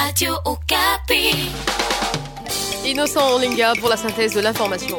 Radio Okapi. Innocent Olinga pour la synthèse de l'information.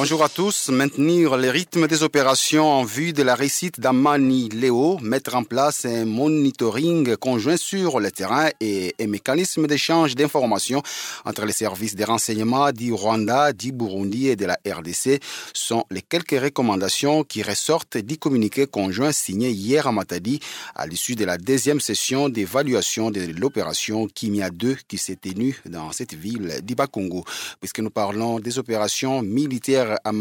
Bonjour à tous. Maintenir le rythme des opérations en vue de la réussite d'Amani Léo, mettre en place un monitoring conjoint sur le terrain et un mécanisme d'échange d'informations entre les services de renseignement du Rwanda, du Burundi et de la RDC sont les quelques recommandations qui ressortent du communiqué conjoint signé hier à Matadi à l'issue de la deuxième session d'évaluation de l'opération Kimia 2 qui s'est tenue dans cette ville d'Ibakongo. Puisque nous parlons des opérations militaires à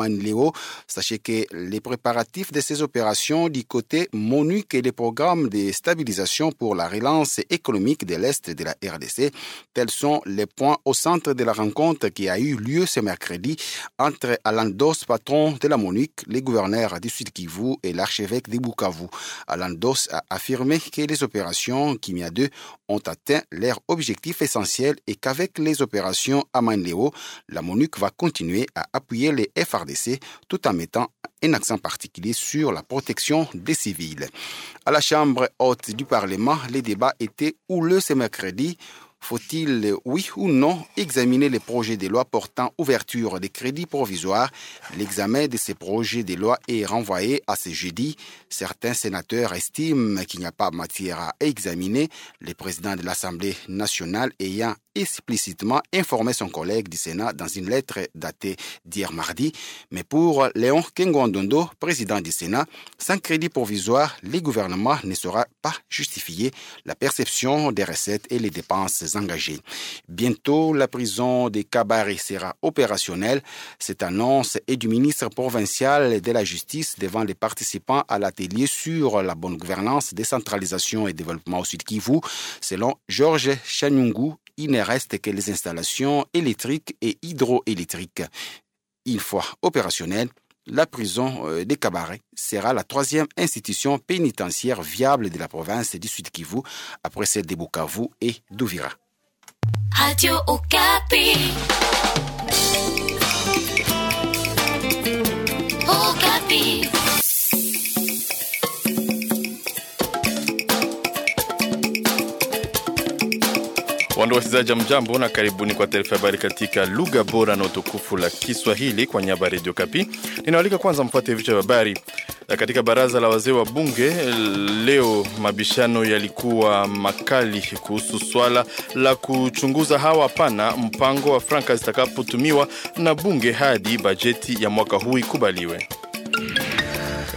Sachez que les préparatifs de ces opérations du côté MONUC et les programmes de stabilisation pour la relance économique de l'Est de la RDC, tels sont les points au centre de la rencontre qui a eu lieu ce mercredi entre Alain Dos, patron de la MONUC, les gouverneurs du Sud Kivu et l'archevêque de Bukavu. Alain Dos a affirmé que les opérations Kimia 2 ont atteint leur objectif essentiel et qu'avec les opérations à Amanleo, la MONUC va continuer à appuyer les FRDC, tout en mettant un accent particulier sur la protection des civils. À la Chambre haute du Parlement, les débats étaient houleux ce mercredi faut-il, oui ou non, examiner les projets de loi portant ouverture des crédits provisoires L'examen de ces projets de loi est renvoyé à ce jeudi. Certains sénateurs estiment qu'il n'y a pas matière à examiner, les présidents de l'Assemblée nationale ayant explicitement informé son collègue du Sénat dans une lettre datée d'hier mardi, mais pour Léon Kengondondo, président du Sénat, sans crédit provisoire, le gouvernement ne saura pas justifier la perception des recettes et les dépenses engagées. Bientôt, la prison des Cabarets sera opérationnelle. Cette annonce est du ministre provincial de la Justice devant les participants à l'atelier sur la bonne gouvernance, décentralisation et développement au Sud Kivu, selon Georges Chanyungu il ne reste que les installations électriques et hydroélectriques. Une fois opérationnelle, la prison euh, des cabarets sera la troisième institution pénitentiaire viable de la province du Sud Kivu, après celle de Bukavu et d'Ouvira. Wapendo wasikilizaji, mjambo na karibuni kwa taarifa ya habari katika lugha bora na utukufu la Kiswahili kwa niaba ya Radio Kapi. Ninawalika kwanza mfuate vichwa vya habari. Katika baraza la wazee wa bunge leo, mabishano yalikuwa makali kuhusu swala la kuchunguza hawa hapana mpango wa franka zitakapotumiwa na bunge hadi bajeti ya mwaka huu ikubaliwe.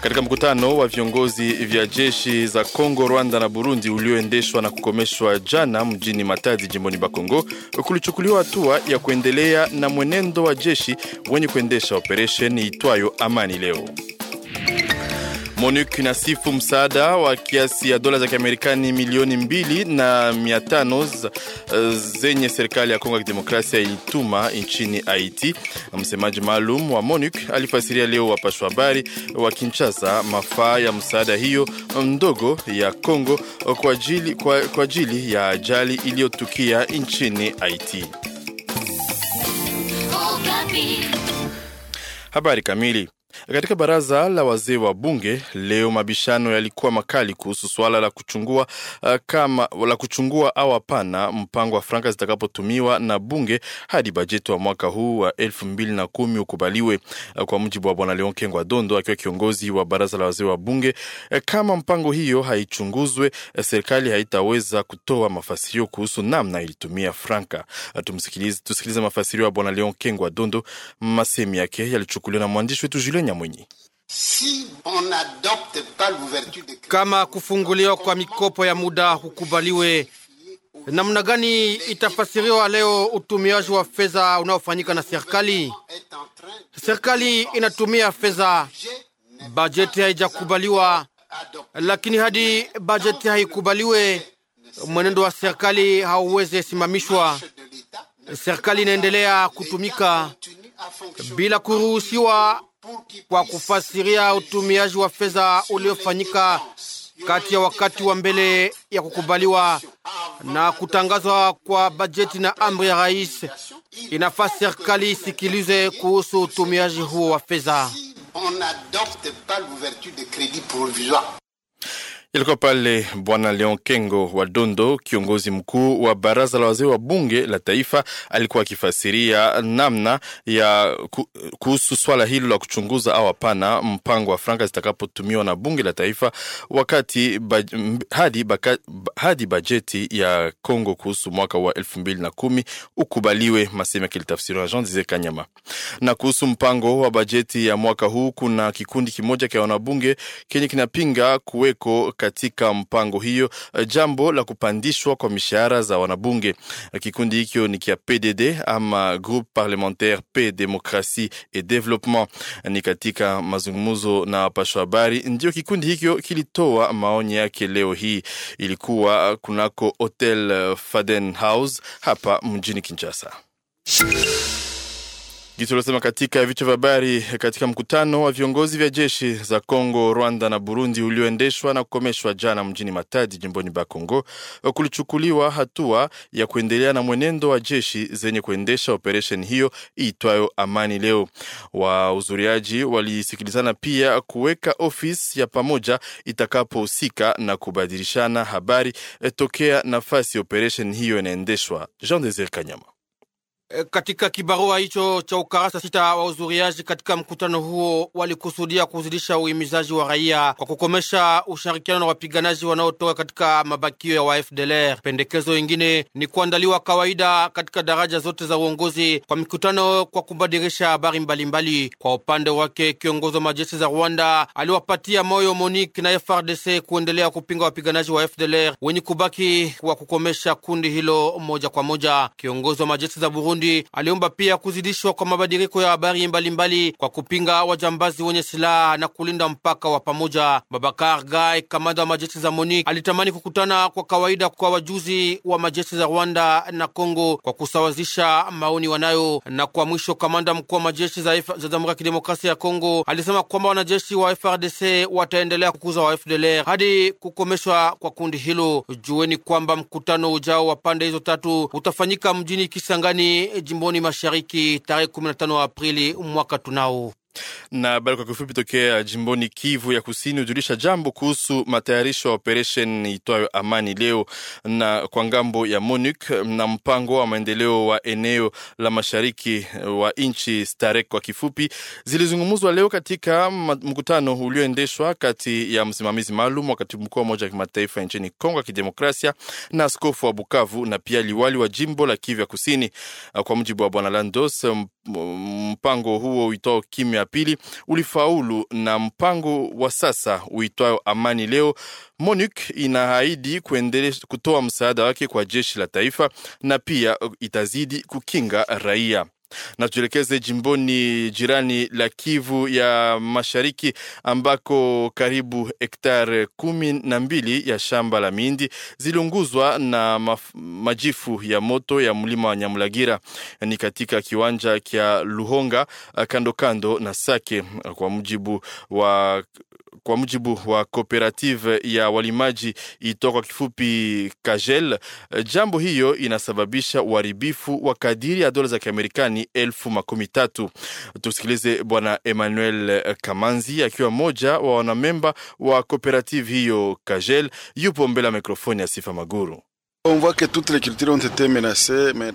Katika mkutano wa viongozi vya jeshi za Kongo, Rwanda na Burundi ulioendeshwa na kukomeshwa jana mjini Matadi, jimboni Bakongo, kulichukuliwa hatua ya kuendelea na mwenendo wa jeshi wenye kuendesha operesheni itwayo Amani Leo. MONUC inasifu msaada wa kiasi ya dola za Kiamerikani milioni mbili na mia tano eh, zenye serikali ya Kongo ya Kidemokrasia ilituma nchini Haiti. Msemaji maalum wa MONUC alifasiria leo wapashwa habari wa Kinshasa mafaa ya msaada hiyo ndogo ya Kongo kwa ajili, kwa, kwa ajili ya ajali iliyotukia nchini Haiti. Oh, habari kamili katika baraza la wazee wa bunge leo, mabishano yalikuwa makali kuhusu swala la kuchungua uh, kama la kuchungua au hapana mpango wa franka zitakapotumiwa na bunge hadi bajeti wa mwaka huu wa elfu mbili na kumi ukubaliwe. Uh, kwa mujibu wa bwana Leon Kengwa Dondo akiwa kiongozi wa baraza la wazee wa bunge, uh, kama mpango hiyo haichunguzwe, uh, serikali haitaweza kutoa mafasirio kuhusu namna ilitumia franka. Uh, tumsikilize, tusikilize mafasirio ya bwana Leon Kengwa Dondo, masemi yake yalichukuliwa na mwandishi wetu Julien Padre Nyamwinyi. Kama kufunguliwa kwa mikopo ya muda hukubaliwe, namna gani itafasiriwa leo utumiaji wa fedha unaofanyika na serikali? Serikali inatumia fedha, bajeti haijakubaliwa, lakini hadi bajeti haikubaliwe, mwenendo wa serikali hauweze simamishwa. Serikali inaendelea kutumika bila kuruhusiwa kwa kufasiria utumiaji wa fedha uliofanyika kati ya wakati wa mbele ya kukubaliwa na kutangazwa kwa bajeti na amri ya rais, inafaa serikali isikilize kuhusu utumiaji huo wa fedha. Ilikuwa pale Bwana Leon Kengo wa Dondo, kiongozi mkuu wa baraza la wazee wa bunge la taifa, alikuwa akifasiria namna ya kuhusu swala hilo la kuchunguza au hapana mpango wa franka zitakapotumiwa na bunge la taifa wakati hadi, baka, hadi bajeti ya Kongo kuhusu mwaka wa elfu mbili na kumi ukubaliwe, maseme kilitafsiriwa Jean Dize Kanyama. Na kuhusu mpango wa bajeti ya mwaka huu, kuna kikundi kimoja cha wanabunge kenye kinapinga kuweko katika mpango hiyo eh, jambo la kupandishwa kwa mishahara za wanabunge. Kikundi hikyo ni kia PDD ama Groupe Parlementaire P Demokrasie et Developpement. Ni katika mazungumzo na wapasha habari ndio kikundi hikyo kilitoa maoni yake leo hii. Ilikuwa kunako Hotel Faden House hapa mjini Kinshasa. Gisi losema katika vichwa vya habari katika mkutano wa viongozi vya jeshi za Kongo, Rwanda na Burundi ulioendeshwa na kukomeshwa jana mjini Matadi jimboni Bakongo, kulichukuliwa hatua ya kuendelea na mwenendo wa jeshi zenye kuendesha operesheni hiyo iitwayo Amani Leo. Wahudhuriaji walisikilizana pia kuweka ofisi ya pamoja itakapohusika na kubadilishana habari eh, tokea nafasi operesheni hiyo inaendeshwa. Jean Desire Kanyama Eh, katika kibarua hicho cha ukarasa sita, wa uzuriaji katika mkutano huo walikusudia kuzidisha uhimizaji wa raia kwa kukomesha ushirikiano na wapiganaji wanaotoka katika mabakio ya wafdlr FDLR. Pendekezo ingine ni kuandaliwa kawaida katika daraja zote za uongozi kwa mikutano kwa kubadilisha habari mbalimbali. Kwa upande wake, kiongozi wa majeshi za Rwanda aliwapatia moyo MONUC na frdc kuendelea kupinga wapiganaji wa FDLR wenye kubaki wa kukomesha kundi hilo moja kwa moja. Kiongozi wa majeshi za Burundi Burundi aliomba pia kuzidishwa kwa mabadiliko ya habari mbalimbali kwa kupinga wajambazi wenye silaha na kulinda mpaka wa pamoja. Babakar Gai, kamanda wa majeshi za MONUC, alitamani kukutana kwa kawaida kwa wajuzi wa majeshi za Rwanda na Kongo kwa kusawazisha maoni wanayo. Na kwa mwisho, kamanda mkuu wa majeshi za Jamhuri ya Kidemokrasia ya Kongo alisema kwamba wanajeshi wa FRDC wataendelea kukuza wa FDLR hadi kukomeshwa kwa kundi hilo. Jueni kwamba mkutano ujao wa pande hizo tatu utafanyika mjini Kisangani jimboni mashariki tarehe 15 Aprili mwaka tunao. Na habari kwa kifupi tokea jimboni Kivu ya Kusini hujulisha jambo kuhusu matayarisho ya operesheni itwayo Amani Leo na kwa ngambo ya MONUC na mpango wa maendeleo wa eneo la mashariki wa nchi STAREK kwa kifupi, zilizungumzwa leo katika mkutano ulioendeshwa kati ya msimamizi maalum wa katibu mkuu wa Umoja wa Kimataifa nchini Kongo ya Kidemokrasia na askofu wa Bukavu na pia liwali wa jimbo la Kivu ya Kusini. Kwa mujibu wa Bwana Landos, mpango huo uitwao kimya ya pili ulifaulu, na mpango wa sasa uitwao amani leo, MONUC inaahidi kuendelea kutoa msaada wake kwa jeshi la taifa na pia itazidi kukinga raia. Na tujielekeze jimboni jirani la Kivu ya Mashariki ambako karibu hektare kumi na mbili ya shamba la mindi ziliunguzwa na maf, majifu ya moto ya mlima wa Nyamulagira ni katika kiwanja kya Luhonga kando kando na Sake, kwa mujibu wa kwa mujibu wa kooperative ya walimaji itoka kwa kifupi Kajel, jambo hiyo inasababisha uharibifu wa kadiri ya dola za Kiamerikani elfu makumi tatu. Tusikilize Bwana Emmanuel Kamanzi akiwa mmoja wa wanamemba wa kooperative hiyo Kajel, yupo mbele ya mikrofoni ya Sifa Maguru.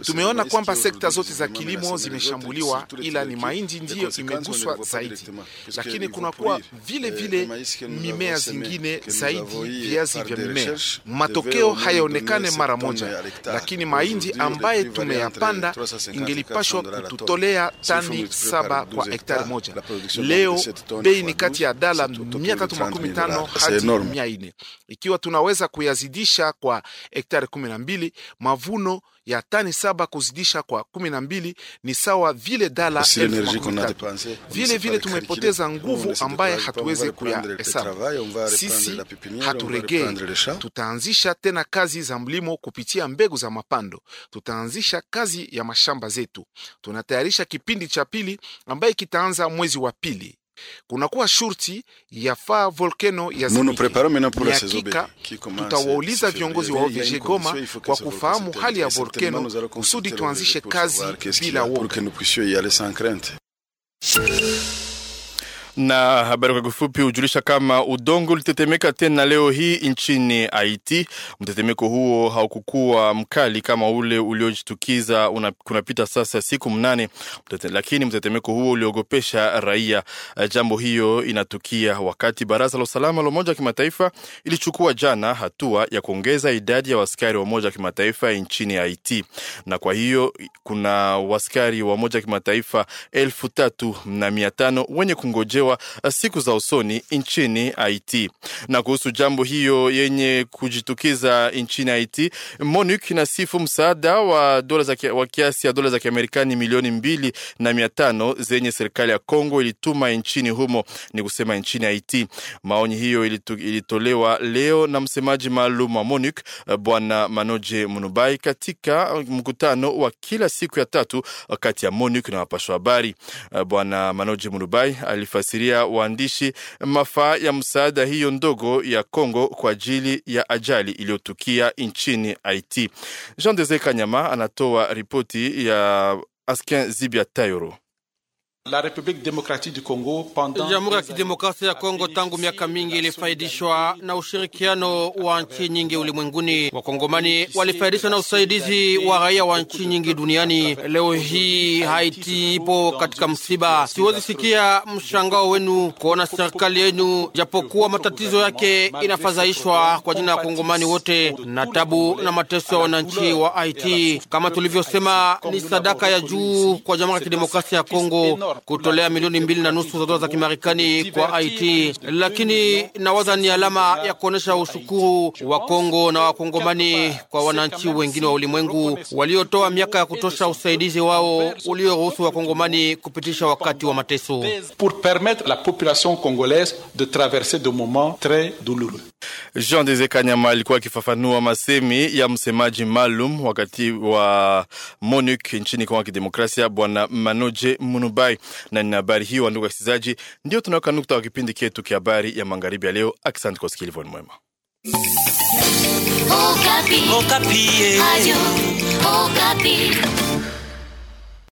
Tumeona kwamba sekta zote za kilimo zimeshambuliwa, ila ni mahindi ndiyo imeguswa zaidi, lakini kunakuwa vile eh, vile mimea zingine zaidi, viazi vya mimea. Matokeo hayaonekane mara moja, lakini mahindi ambaye tumeyapanda ingelipashwa kututolea tani saba kwa hektari moja. Leo bei ni kati ya dala mia tatu makumi tano hadi mia ikiwa tunaweza kuyazidisha kwa hektari kumi na mbili mavuno ya tani saba kuzidisha kwa kumi na mbili ni sawa vile dala vile vile. Tumepoteza nguvu ambaye hatuwezi kuyahesabu. Sisi haturegei, tutaanzisha tena kazi za mlimo kupitia mbegu za mapando, tutaanzisha kazi ya mashamba zetu. Tunatayarisha kipindi cha pili ambaye kitaanza mwezi wa pili kunakuwa shurti yafaa volkano yazimike. Tutawauliza viongozi wa OVG Goma kwa kufahamu hali ya volkeno kusudi tuanzishe kazi bila woga. Na habari kwa kifupi hujulisha kama udongo ulitetemeka tena leo hii nchini Haiti. Mtetemeko huo haukukuwa mkali kama ule uliojitukiza kunapita sasa siku mnane mtete, lakini mtetemeko huo uliogopesha raia. Eh, jambo hiyo inatukia wakati baraza la usalama la Umoja wa Kimataifa ilichukua jana hatua ya kuongeza idadi ya waskari wa Umoja wa Kimataifa nchini Haiti, na kwa hiyo kuna waskari wa Umoja wa Kimataifa elfu tatu na mia tano wenye kungojea kutolewa eh, siku za usoni nchini Haiti. Na kuhusu jambo hiyo yenye kujitukiza nchini Haiti, MONUC inasifu msaada wa dola za wa kiasi ya dola za Kiamerikani milioni mbili na mia tano zenye serikali ya Kongo ilituma nchini humo, ni kusema nchini Haiti. Maoni hiyo ilitolewa leo na msemaji maalum wa MONUC eh, Bwana Manoje Munubai katika eh, mkutano wa kila siku ya tatu kati ya MONUC na wapashwa habari. Bwana Manoje Munubai alifasi kufasiria waandishi mafaa ya msaada hiyo ndogo ya Kongo kwa ajili ya ajali iliyotukia nchini Haiti. Jean Desire Kanyama anatoa ripoti ya Askin Zibia Tayoro. Jamhuri ya Kidemokrasia ya Kongo tangu miaka mingi ilifaidishwa na ushirikiano wa nchi nyingi ulimwenguni. Wakongomani walifaidishwa na usaidizi wa raia wa nchi nyingi duniani. Leo hii Haiti ipo katika msiba. Siwezi sikia mshangao wenu kuona serikali yenu, japokuwa matatizo yake, inafadhaishwa kwa jina ya Wakongomani wote na tabu na mateso ya wananchi wa Haiti. Kama tulivyosema, ni sadaka ya juu kwa Jamhuri ya Kidemokrasia ya Kongo kutolea milioni mbili na nusu za dola za Kimarekani kwa Haiti, lakini nawaza ni alama ya kuonyesha ushukuru wa Kongo na Wakongomani kwa wananchi wengine wa ulimwengu waliotoa miaka ya kutosha usaidizi wao ulioruhusu Wakongomani kupitisha wakati wa mateso. Jean dese Kanyama alikuwa akifafanua masemi ya msemaji maalum wakati wa MONUC nchini Kongo ya Kidemokrasia, Bwana Manoje Munubai. Na ni habari hiyo, ndugu wasikilizaji, ndio tunaweka nukta wa kipindi chetu ki habari ya magharibi ya leo. Asante kwa usikilivu mwema. Okapi. Okapi. Eh.